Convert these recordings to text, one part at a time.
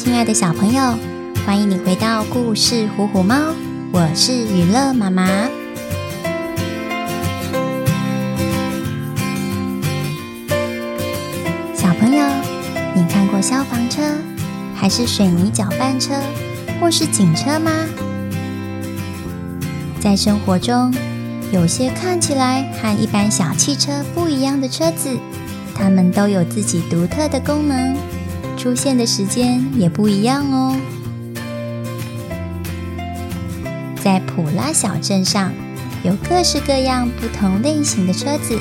親愛的小朋友，歡迎你回到故事《虎虎貓》，我是予樂媽媽。小朋友，你看過消防車，還是水泥攪拌車，或是警車嗎？在生活中，有些看起來和一般小汽車不一樣的車子，它們都有自己獨特的功能。出現的時間也不一樣哦。在普拉小鎮上，有各式各樣不同類型的車子，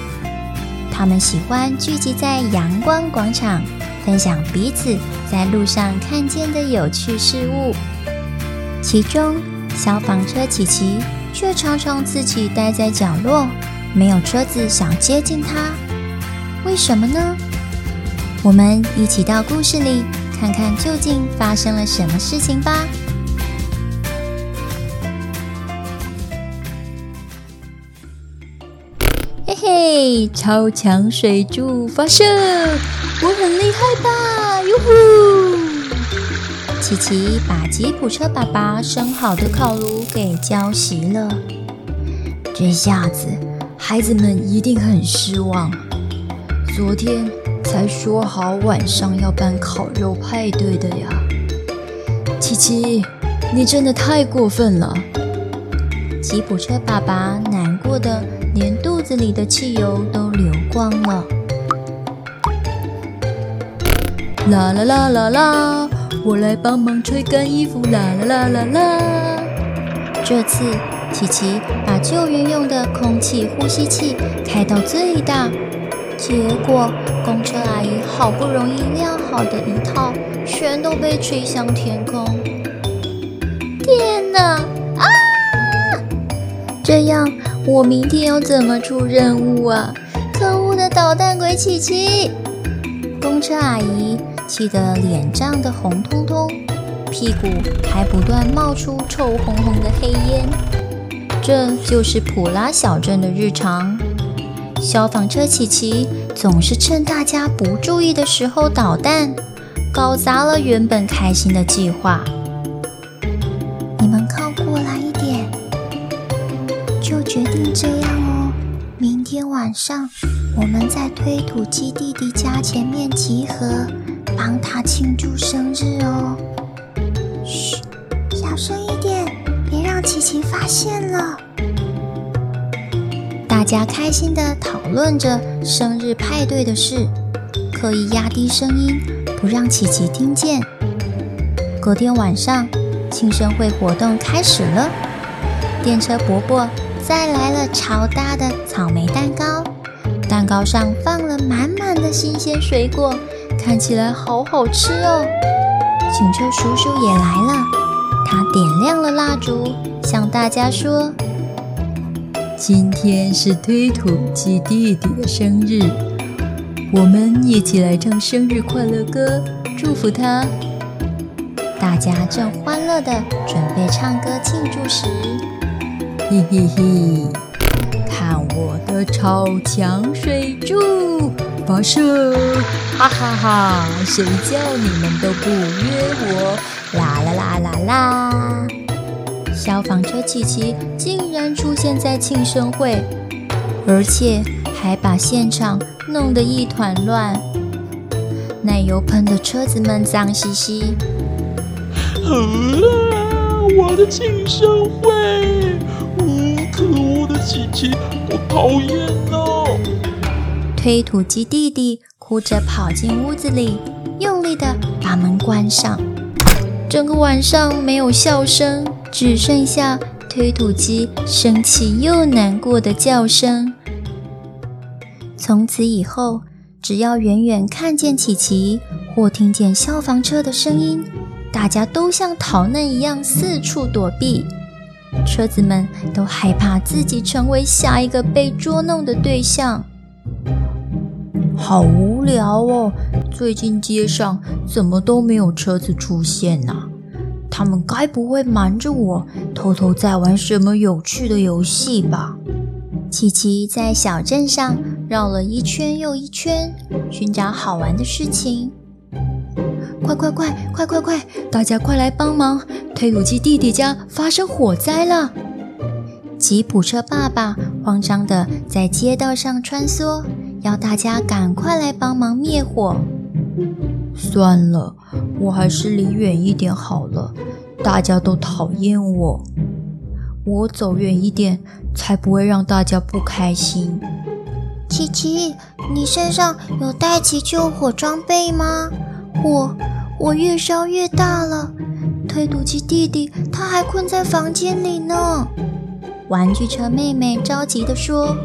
他們喜歡聚集在陽光廣場，分享彼此在路上看見的有趣事物。其中，消防車奇奇卻常常自己待在角落，沒有車子想接近它。為什麼呢？我們一起到故事裡看看究竟發生了什麼事情吧！嘿嘿，超強水柱發射，我很厲害吧？喲呼！琪琪把吉普車爸爸生好的烤爐給澆熄了，這下子孩子們一定很失望。昨天，才說好晚上要辦烤肉派對的呀，奇奇，你真的太過分了！吉普車爸爸難過得連肚子裡的汽油都流光了。啦啦啦啦啦，我來幫忙吹乾衣服。啦啦啦啦啦，這次奇奇把救援用的空氣呼吸器開到最大，結果。公車阿姨好不容易晾好的一套，全都被吹向天空。天哪！啊！這樣我明天要怎麼出任務啊？可惡的搗蛋鬼奇奇！公車阿姨氣得臉漲得紅彤彤，屁股還不斷冒出臭烘烘的黑煙。這就是普拉小鎮的日常。消防車奇奇總是趁大家不注意的時候搗蛋，搞砸了原本開心的計劃。你們靠過來一點，就決定這樣哦。明天晚上我們在推土機弟弟家前面集合，幫他慶祝生日哦。噓，小聲一點，別讓奇奇發現了。大家開心地討論着生日派對的事，刻意壓低聲音，不讓奇奇聽見。隔天晚上，慶生會活動開始了。電車伯伯帶來了超大的草莓蛋糕，蛋糕上放了滿滿的新鮮水果，看起來好好吃哦。警車叔叔也來了，他點亮了蠟燭，向大家說。今天是推土機弟弟的生日，我們一起來唱生日快樂歌，祝福他。大家正歡樂地準備唱歌慶祝時，嘿嘿嘿，看我的超強水柱發射，哈哈哈哈，誰叫你們都不約我，啦啦啦啦啦。消防車奇奇竟然出現在慶生會，而且還把現場弄得一團亂。奶油噴的車子們髒兮兮。啊，我的慶生會！嗯，哦，可惡的奇奇，我討厭哦！推土機弟弟哭着跑進屋子裡，用力的把門關上。整個晚上沒有笑聲。只剩下推土機生氣又難過的叫聲。從此以後，只要遠遠看見奇奇，或聽見消防車的聲音，大家都像逃難一樣四處躲避。車子們都害怕自己成為下一個被捉弄的對象。好無聊哦，最近街上怎麼都沒有車子出現呢？啊？他們該不會瞞着我，偷偷在玩什麼有趣的遊戲吧？奇奇在小鎮上繞了一圈又一圈，尋找好玩的事情。快快快快快快！大家快來幫忙！推土機弟弟家發生火災了。吉普車爸爸慌張地在街道上穿梭，要大家趕快來幫忙滅火。算了，我還是離遠一點好了。大家都討厭我，我走遠一點才不會讓大家不開心。奇奇，你身上有帶急救火裝備嗎？我，我越燒越大了。推土機弟弟他還困在房間裡呢。玩具車妹妹着急地說。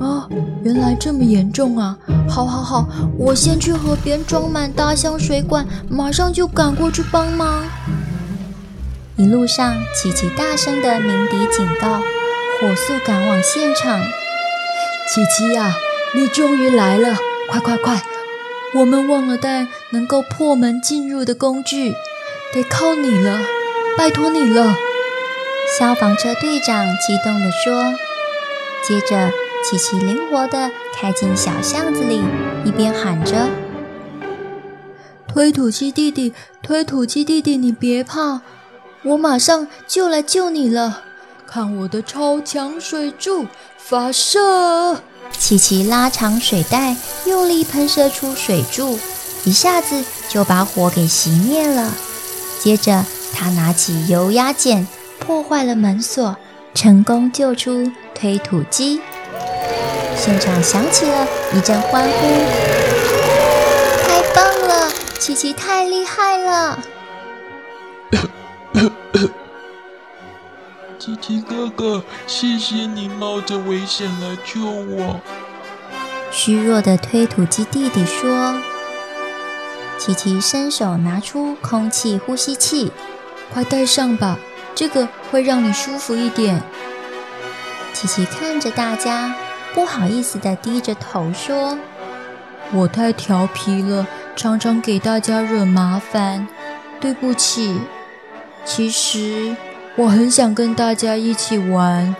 啊、哦，原來這麼嚴重啊！好，好，好，我先去河邊裝滿大箱水管，馬上就趕過去幫忙。一路上，奇奇大聲的鳴笛警告，火速趕往現場。奇奇呀、啊，你終於來了！快，快，快！我們忘了帶能夠破門進入的工具，得靠你了，拜托你了。消防車隊長激動地說，接着。奇奇靈活的開進小巷子裡，一邊喊着：“推土機弟弟，推土機弟弟，你別怕，我馬上就來救你了！看我的超強水柱發射！”奇奇拉長水帶，用力噴射出水柱，一下子就把火給熄滅了。接着，他拿起油壓剪，破壞了門鎖，成功救出推土機。現場響起了一陣歡呼，太棒了，琪琪太厲害了！咳咳咳，琪琪哥哥，謝謝你冒着危險來救我。虛弱的推土機弟弟說：“琪琪伸手拿出空氣呼吸器，快戴上吧，這個會讓你舒服一點。”琪琪看着大家。不好意思地低着頭說：“我太調皮了，常常給大家惹麻煩，對不起。其實我很想跟大家一起玩，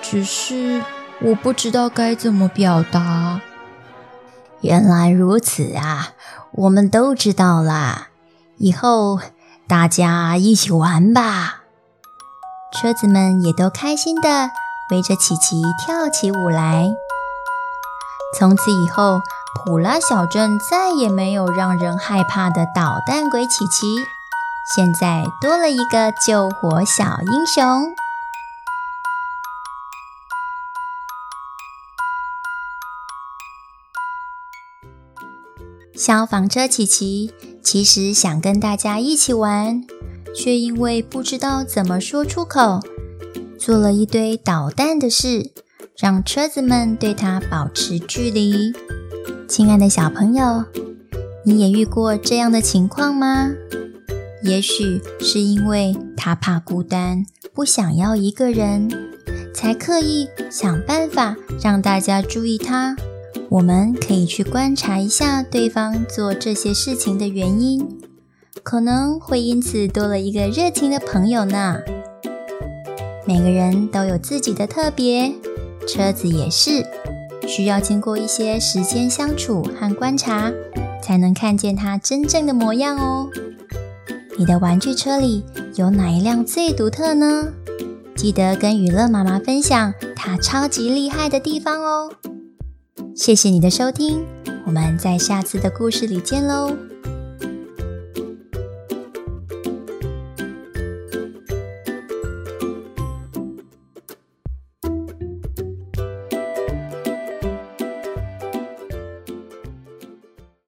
只是我不知道該怎麼表達。”原來如此啊，我們都知道啦。以後大家一起玩吧。車子們也都開心的。圍着琪琪跳起舞來。從此以後，普拉小鎮再也沒有讓人害怕的搗蛋鬼琪琪，現在多了一個救火小英雄——消防車琪琪，其實想跟大家一起玩，卻因為不知道怎麼說出口。做了一堆搗蛋的事，讓車子們對他保持距離。親愛的小朋友，你也遇過這樣的情況嗎？也許是因為他怕孤單，不想要一個人，才刻意想辦法讓大家注意他。我們可以去觀察一下對方做這些事情的原因，可能會因此多了一個熱情的朋友呢。每個人都有自己的特別，車子也是，需要經過一些時間相處和觀察，才能看見它真正的模樣哦。你的玩具車裡有哪一輛最獨特呢？記得跟予樂媽媽分享它超級厲害的地方哦。謝謝你的收聽，我們在下次的故事裡見嘍。